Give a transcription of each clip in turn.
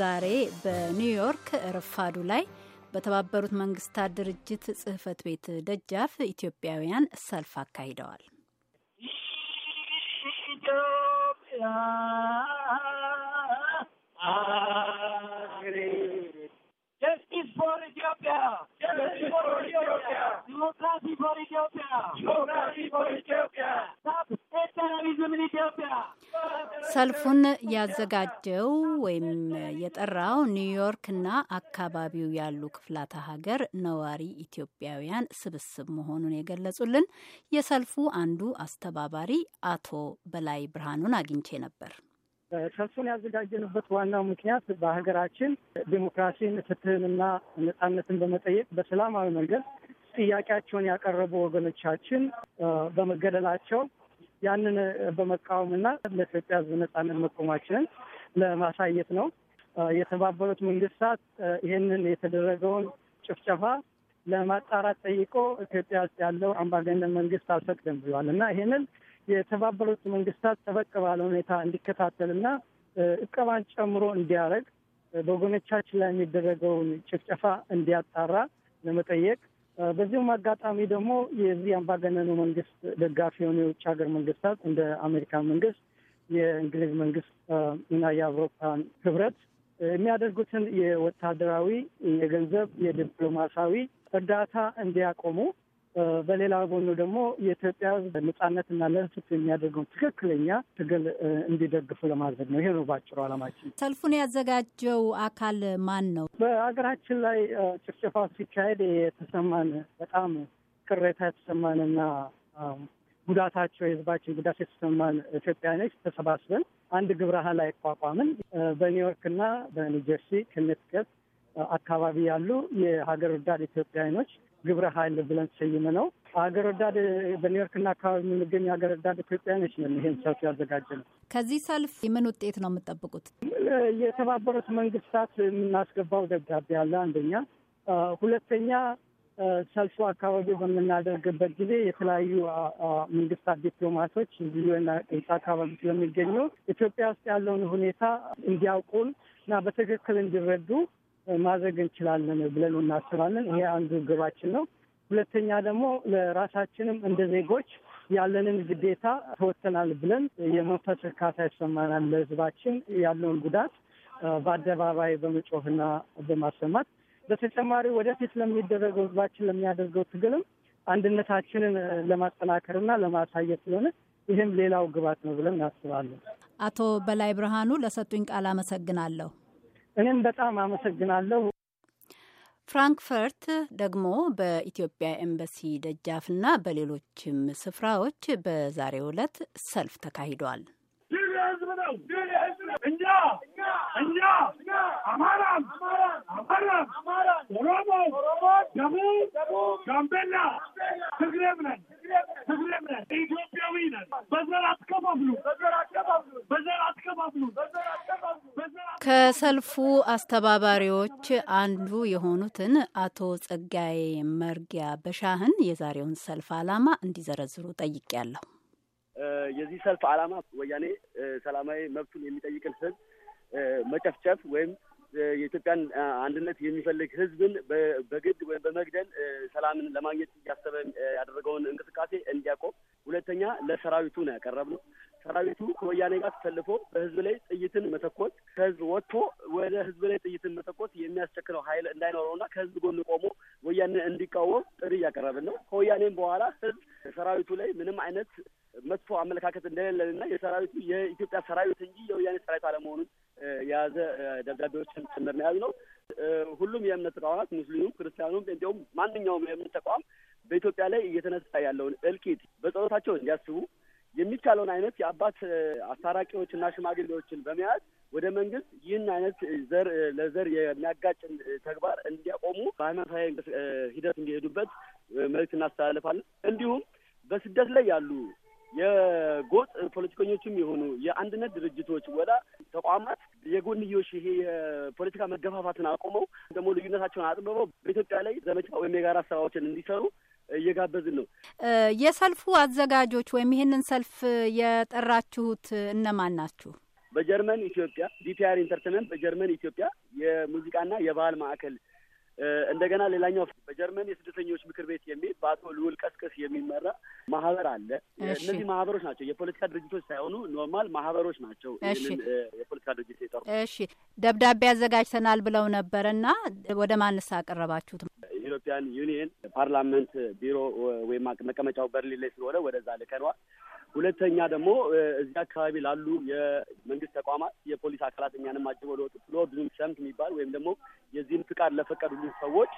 ዛሬ በኒውዮርክ ረፋዱ ላይ በተባበሩት መንግስታት ድርጅት ጽህፈት ቤት ደጃፍ ኢትዮጵያውያን ሰልፍ አካሂደዋል። ዲሞክራሲ ፎር ኢትዮጵያ ሰልፉን ያዘጋጀው ወይም የጠራው ኒውዮርክና አካባቢው ያሉ ክፍላተ ሀገር ነዋሪ ኢትዮጵያውያን ስብስብ መሆኑን የገለጹልን የሰልፉ አንዱ አስተባባሪ አቶ በላይ ብርሃኑን አግኝቼ ነበር። ሰልፉን ያዘጋጀንበት ዋናው ምክንያት በሀገራችን ዴሞክራሲን፣ ፍትህንና ነጻነትን በመጠየቅ በሰላማዊ መንገድ ጥያቄያቸውን ያቀረቡ ወገኖቻችን በመገደላቸው ያንን በመቃወምና ለኢትዮጵያ ሕዝብ ነጻነት መቆማችንን ለማሳየት ነው። የተባበሩት መንግስታት ይህንን የተደረገውን ጭፍጨፋ ለማጣራት ጠይቆ ኢትዮጵያ ውስጥ ያለው አምባገነን መንግስት አልፈቅድም ብሏል እና ይህንን የተባበሩት መንግስታት ጠበቅ ባለ ሁኔታ እንዲከታተልና እቀባን ጨምሮ እንዲያደርግ በጎኖቻችን ላይ የሚደረገውን ጭፍጨፋ እንዲያጣራ ለመጠየቅ በዚሁም አጋጣሚ ደግሞ የዚህ አምባገነኑ መንግስት ደጋፊ የሆኑ የውጭ ሀገር መንግስታት እንደ አሜሪካ መንግስት፣ የእንግሊዝ መንግስት እና የአውሮፓን ህብረት የሚያደርጉትን የወታደራዊ፣ የገንዘብ፣ የዲፕሎማሲያዊ እርዳታ እንዲያቆሙ በሌላ ጎኑ ደግሞ የኢትዮጵያ ነጻነትና ለፍት የሚያደርገው ትክክለኛ ትግል እንዲደግፉ ለማድረግ ነው። ይሄ ነው ባጭሩ አላማችን። ሰልፉን ያዘጋጀው አካል ማን ነው? በሀገራችን ላይ ጭፍጨፋ ሲካሄድ የተሰማን በጣም ቅሬታ የተሰማንና ጉዳታቸው የህዝባችን ጉዳት የተሰማን ኢትዮጵያኖች ተሰባስበን አንድ ግብረ ኃይል ላይ አቋቋምን። በኒውዮርክና በኒውጀርሲ ክንትቀት አካባቢ ያሉ የሀገር ወዳድ ኢትዮጵያውያኖች ግብረ ኃይል ብለን ሰይመ ነው። ሀገር ወዳድ በኒውዮርክና አካባቢ የምንገኝ የሀገር ወዳድ ኢትዮጵያውያኖች ነን። ይህን ሰልፍ ያዘጋጀ ነው። ከዚህ ሰልፍ ምን ውጤት ነው የምጠብቁት? የተባበሩት መንግስታት የምናስገባው ደብዳቤ አለ አንደኛ። ሁለተኛ ሰልፉ አካባቢ በምናደርግበት ጊዜ የተለያዩ መንግስታት ዲፕሎማቶች ዩኤን ህንጻ አካባቢ ስለሚገኙ ኢትዮጵያ ውስጥ ያለውን ሁኔታ እንዲያውቁን እና በትክክል እንዲረዱ ማድረግ እንችላለን ብለን እናስባለን። ይሄ አንዱ ግባችን ነው። ሁለተኛ ደግሞ ለራሳችንም እንደ ዜጎች ያለንን ግዴታ ተወጥተናል ብለን የመንፈስ እርካታ ይሰማናል። ለሕዝባችን ያለውን ጉዳት በአደባባይ በመጮህና በማሰማት በተጨማሪ ወደፊት ለሚደረገው ሕዝባችን ለሚያደርገው ትግልም አንድነታችንን ለማጠናከርና ለማሳየት ስለሆነ ይህም ሌላው ግባት ነው ብለን እናስባለን። አቶ በላይ ብርሃኑ ለሰጡኝ ቃል አመሰግናለሁ። እኔም በጣም አመሰግናለሁ። ፍራንክፈርት ደግሞ በኢትዮጵያ ኤምባሲ ደጃፍና በሌሎችም ስፍራዎች በዛሬው ዕለት ሰልፍ ተካሂዷል። ኢትዮጵያዊ ነን። በዘር አትከፋፍሉ፣ በዘር አትከፋፍሉ፣ በዘር አትከፋፍሉ ከሰልፉ አስተባባሪዎች አንዱ የሆኑትን አቶ ጸጋዬ መርጊያ በሻህን የዛሬውን ሰልፍ ዓላማ እንዲዘረዝሩ ጠይቄያለሁ። የዚህ ሰልፍ ዓላማ ወያኔ ሰላማዊ መብቱን የሚጠይቅን ህዝብ መጨፍጨፍ ወይም የኢትዮጵያን አንድነት የሚፈልግ ህዝብን በግድ ወይም በመግደል ሰላምን ለማግኘት እያሰበ ያደረገውን እንቅስቃሴ እንዲያቆም፣ ሁለተኛ ለሰራዊቱ ነው ያቀረብነው። ሰራዊቱ ከወያኔ ጋር ተሰልፎ በህዝብ ላይ ጥይትን መተኮስ ከህዝብ ወጥቶ ወደ ህዝብ ላይ ጥይትን መተኮስ የሚያስቸክለው ኃይል እንዳይኖረውና ከህዝብ ጎን ቆሞ ወያኔ እንዲቃወም ጥሪ እያቀረብን ነው። ከወያኔም በኋላ ህዝብ ሰራዊቱ ላይ ምንም አይነት መጥፎ አመለካከት እንደሌለንና የሰራዊቱ የኢትዮጵያ ሰራዊት እንጂ የወያኔ ሰራዊት አለመሆኑን የያዘ ደብዳቤዎችን ጭምር ነው ያዝነው። ሁሉም የእምነት ተቋማት ሙስሊሙም፣ ክርስቲያኑም፣ እንዲሁም ማንኛውም የእምነት ተቋም በኢትዮጵያ ላይ እየተነሳ ያለውን እልቂት በጸሎታቸው እንዲያስቡ የሚቻለውን አይነት የአባት አስታራቂዎችና ሽማግሌዎችን በመያዝ ወደ መንግስት ይህን አይነት ዘር ለዘር የሚያጋጭን ተግባር እንዲያቆሙ በሃይማኖታዊ ሂደት እንዲሄዱበት መልዕክት እናስተላልፋለን። እንዲሁም በስደት ላይ ያሉ የጎጥ ፖለቲከኞችም የሆኑ የአንድነት ድርጅቶች ወላ ተቋማት የጎንዮሽ ይሄ የፖለቲካ መገፋፋትን አቁመው ደግሞ ልዩነታቸውን አጥብበው በኢትዮጵያ ላይ ዘመቻ ወይም የጋራ ስራዎችን እንዲሰሩ እየጋበዝን ነው። የሰልፉ አዘጋጆች ወይም ይህንን ሰልፍ የጠራችሁት እነማን ናችሁ? በጀርመን ኢትዮጵያ ዲፒአር ኢንተርቴንመንት በጀርመን ኢትዮጵያ የሙዚቃና የባህል ማዕከል እንደገና ሌላኛው በጀርመን የስደተኞች ምክር ቤት የሚል በአቶ ልውል ቀስቀስ የሚመራ ማህበር አለ። እነዚህ ማህበሮች ናቸው፣ የፖለቲካ ድርጅቶች ሳይሆኑ ኖርማል ማህበሮች ናቸው። የፖለቲካ ድርጅት የጠሩ። እሺ፣ ደብዳቤ አዘጋጅተናል ብለው ነበረ እና ወደ ማንስ አቀረባችሁት? የኢትዮጵያን ዩኒየን ፓርላመንት ቢሮ ወይም መቀመጫው በርሊን ላይ ስለሆነ ወደዛ ልከነዋል። ሁለተኛ ደግሞ እዚህ አካባቢ ላሉ የመንግስት ተቋማት የፖሊስ አካላት እኛንም አጅበው ለወጡ ብዙም ሸምት የሚባል ወይም ደግሞ የዚህን ፍቃድ ለፈቀዱልን ሰዎች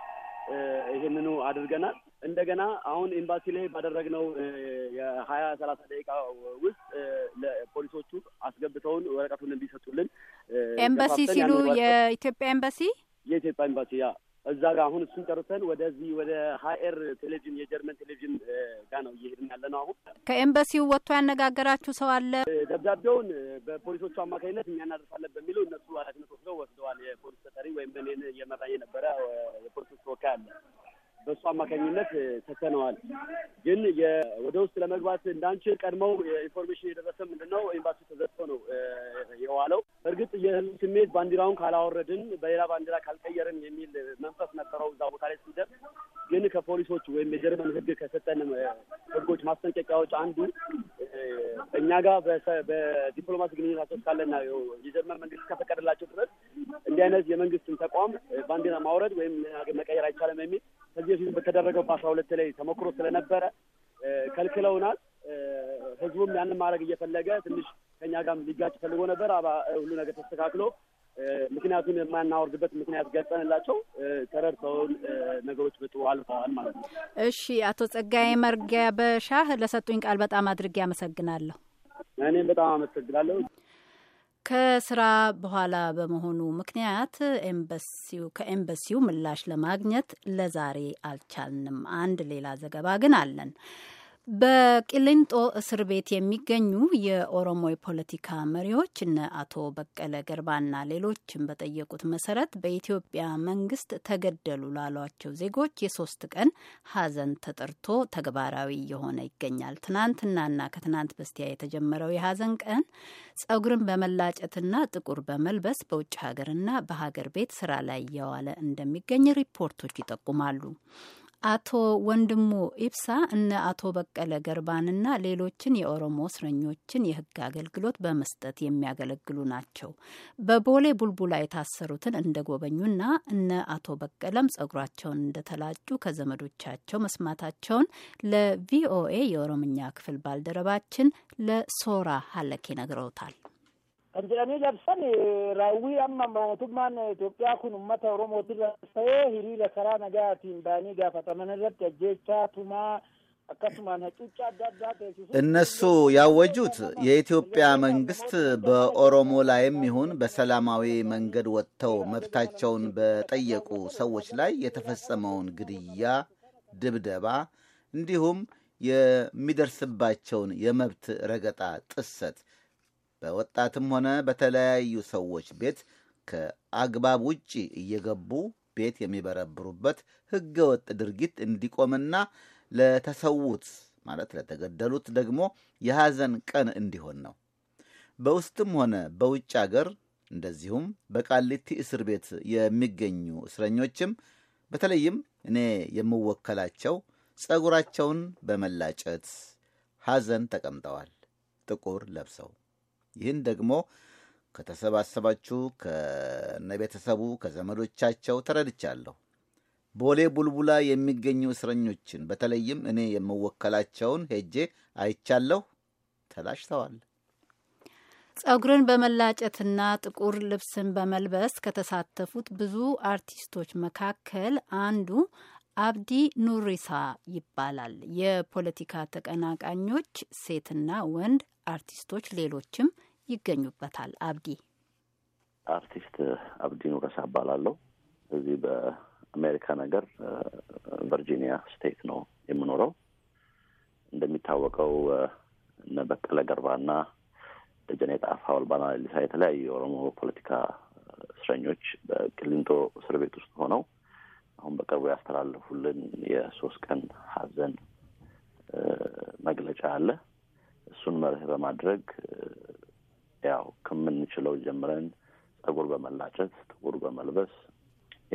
ይህንኑ አድርገናል። እንደገና አሁን ኤምባሲ ላይ ባደረግነው የሀያ ሰላሳ ደቂቃ ውስጥ ለፖሊሶቹ አስገብተውን ወረቀቱን እንዲሰጡልን ኤምባሲ ሲሉ የኢትዮጵያ ኤምባሲ የኢትዮጵያ ኤምባሲ ያ እዛ ጋር አሁን እሱን ጨርሰን ወደዚህ ወደ ሀኤር ቴሌቪዥን የጀርመን ቴሌቪዥን ጋር ነው እየሄድን ያለ ነው። አሁን ከኤምባሲው ወጥቶ ያነጋገራችሁ ሰው አለ? ደብዳቤውን በፖሊሶቹ አማካኝነት እኛ እናደርሳለን በሚለው እነሱ ኃላፊነት ወስደው ወስደዋል። የፖሊስ ተጠሪ ወይም በኔን እየመራኝ የነበረ የፖሊሶች ተወካይ አለ። በእሱ አማካኝነት ተሰነዋል። ግን ወደ ውስጥ ለመግባት እንዳንችል ቀድመው ኢንፎርሜሽን የደረሰ ምንድን ነው ኤምባሲው ተዘግቶ ነው የዋለው። እርግጥ የህልም ስሜት ባንዲራውን ካላወረድን በሌላ ባንዲራ ካልቀየርን የሚል መንፈስ ነበረው እዛ ቦታ ላይ ሲደር ግን ከፖሊሶች ወይም የጀርመን ህግ ከሰጠን ህጎች ማስጠንቀቂያዎች አንዱ እኛ ጋር በዲፕሎማሲ ግንኙነታቸው ካለና የጀርመን መንግስት ከፈቀደላቸው ድረስ እንዲህ አይነት የመንግስትን ተቋም ባንዲራ ማውረድ ወይም መቀየር አይቻልም የሚል ከዚህ በፊት በተደረገው በአስራ ሁለት ላይ ተሞክሮ ስለነበረ ከልክለውናል። ህዝቡም ያንን ማድረግ እየፈለገ ትንሽ ከኛ ጋር ሊጋጭ ፈልጎ ነበር። አባ ሁሉ ነገር ተስተካክሎ ምክንያቱን የማናወርድበት ምክንያት ገልጸንላቸው ተረድተውን ነገሮች በጥሩ አልፈዋል ማለት ነው። እሺ አቶ ጸጋዬ መርጊያ በሻህ ለሰጡኝ ቃል በጣም አድርጌ አመሰግናለሁ። እኔም በጣም አመሰግናለሁ። ከስራ በኋላ በመሆኑ ምክንያት ኤምበሲው ከኤምበሲው ምላሽ ለማግኘት ለዛሬ አልቻልንም። አንድ ሌላ ዘገባ ግን አለን። በቂሊንጦ እስር ቤት የሚገኙ የኦሮሞ የፖለቲካ መሪዎች እነ አቶ በቀለ ገርባና ሌሎችን በጠየቁት መሰረት በኢትዮጵያ መንግስት ተገደሉ ላሏቸው ዜጎች የሶስት ቀን ሀዘን ተጠርቶ ተግባራዊ እየሆነ ይገኛል። ትናንትናና ከትናንት በስቲያ የተጀመረው የሀዘን ቀን ጸጉርን በመላጨትና ጥቁር በመልበስ በውጭ ሀገርና በሀገር ቤት ስራ ላይ እየዋለ እንደሚገኝ ሪፖርቶች ይጠቁማሉ። አቶ ወንድሙ ኢብሳ እነ አቶ በቀለ ገርባንና ሌሎችን የኦሮሞ እስረኞችን የሕግ አገልግሎት በመስጠት የሚያገለግሉ ናቸው። በቦሌ ቡልቡላ የታሰሩትን ጎበኙና እነ አቶ በቀለም ጸጉራቸውን እንደተላጩ ከዘመዶቻቸው መስማታቸውን ለቪኦኤ የኦሮምኛ ክፍል ባልደረባችን ለሶራ ሀለኬ ነግረውታል። kan jedhanii labsan raawwii amma mootummaan Itoophiyaa kun uummata Oromootirra ta'ee hiriira karaa nagaatiin ba'anii gaafataman irratti ajjeechaa tumaa akkasumaan hacuuccaa adda addaa teessisu እነሱ ያወጁት የኢትዮጵያ መንግስት በኦሮሞ ላይም ይሁን በሰላማዊ መንገድ ወጥተው መብታቸውን በጠየቁ ሰዎች ላይ የተፈጸመውን ግድያ፣ ድብደባ እንዲሁም የሚደርስባቸውን የመብት ረገጣ ጥሰት በወጣትም ሆነ በተለያዩ ሰዎች ቤት ከአግባብ ውጭ እየገቡ ቤት የሚበረብሩበት ህገወጥ ድርጊት እንዲቆምና ለተሰዉት ማለት ለተገደሉት ደግሞ የሐዘን ቀን እንዲሆን ነው። በውስጥም ሆነ በውጭ አገር እንደዚሁም በቃሊቲ እስር ቤት የሚገኙ እስረኞችም በተለይም እኔ የምወከላቸው ጸጉራቸውን በመላጨት ሐዘን ተቀምጠዋል። ጥቁር ለብሰው ይህን ደግሞ ከተሰባሰባችሁ ከነቤተሰቡ ከዘመዶቻቸው ተረድቻለሁ። ቦሌ ቡልቡላ የሚገኙ እስረኞችን በተለይም እኔ የምወከላቸውን ሄጄ አይቻለሁ። ተላሽተዋል። ጸጉርን በመላጨትና ጥቁር ልብስን በመልበስ ከተሳተፉት ብዙ አርቲስቶች መካከል አንዱ አብዲ ኑሪሳ ይባላል። የፖለቲካ ተቀናቃኞች ሴትና ወንድ አርቲስቶች፣ ሌሎችም ይገኙበታል። አብዲ አርቲስት አብዲ ኑረሳ እባላለሁ። እዚህ በአሜሪካ ነገር ቨርጂኒያ ስቴት ነው የምኖረው። እንደሚታወቀው እነ በቀለ ገርባና ደጀኔ ጣፋ፣ ወልባና ሌሊሳ የተለያዩ የኦሮሞ ፖለቲካ እስረኞች በቅሊንጦ እስር ቤት ውስጥ ሆነው አሁን በቅርቡ ያስተላለፉልን የሶስት ቀን ሀዘን መግለጫ አለ። እሱን መርህ በማድረግ ያው ከምንችለው ጀምረን ጥቁር በመላጨት ጥቁር በመልበስ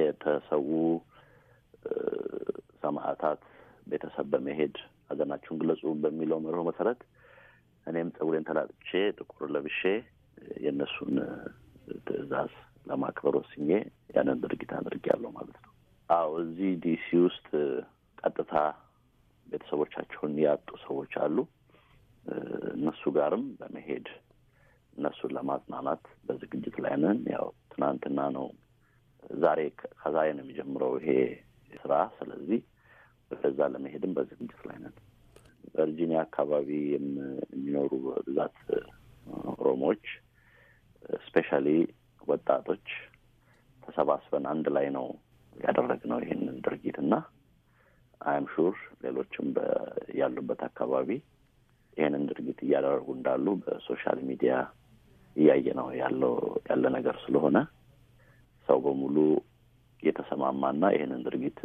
የተሰዉ ሰማዕታት ቤተሰብ በመሄድ ሀዘናችሁን ግለጹ በሚለው መርሆ መሰረት እኔም ጸጉሬን ተላጥቼ ጥቁር ለብሼ የእነሱን ትዕዛዝ ለማክበር ወስኜ ያንን ድርጊት አድርጌያለሁ ማለት ነው። አዎ እዚህ ዲሲ ውስጥ ቀጥታ ቤተሰቦቻቸውን ያጡ ሰዎች አሉ። እነሱ ጋርም በመሄድ እነሱን ለማጽናናት በዝግጅት ላይ ነን። ያው ትናንትና ነው ዛሬ ከዛሬ ነው የሚጀምረው ይሄ ስራ። ስለዚህ ወደዛ ለመሄድም በዝግጅት ላይ ነን። ቨርጂኒያ አካባቢ የሚኖሩ በብዛት ኦሮሞዎች ስፔሻሊ ወጣቶች ተሰባስበን አንድ ላይ ነው ያደረግነው ይህንን ድርጊት እና አይም ሹር ሌሎችም ያሉበት አካባቢ ይህንን ድርጊት እያደረጉ እንዳሉ በሶሻል ሚዲያ እያየ ነው ያለው ያለ ነገር ስለሆነ ሰው በሙሉ የተሰማማና ይህንን ድርጊት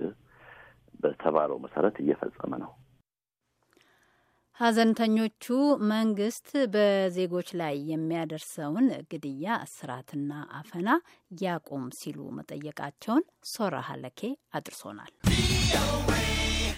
በተባለው መሰረት እየፈጸመ ነው። ሀዘንተኞቹ መንግስት በዜጎች ላይ የሚያደርሰውን ግድያ፣ እስራትና አፈና ያቁም ሲሉ መጠየቃቸውን ሶራ ሀለኬ አድርሶናል።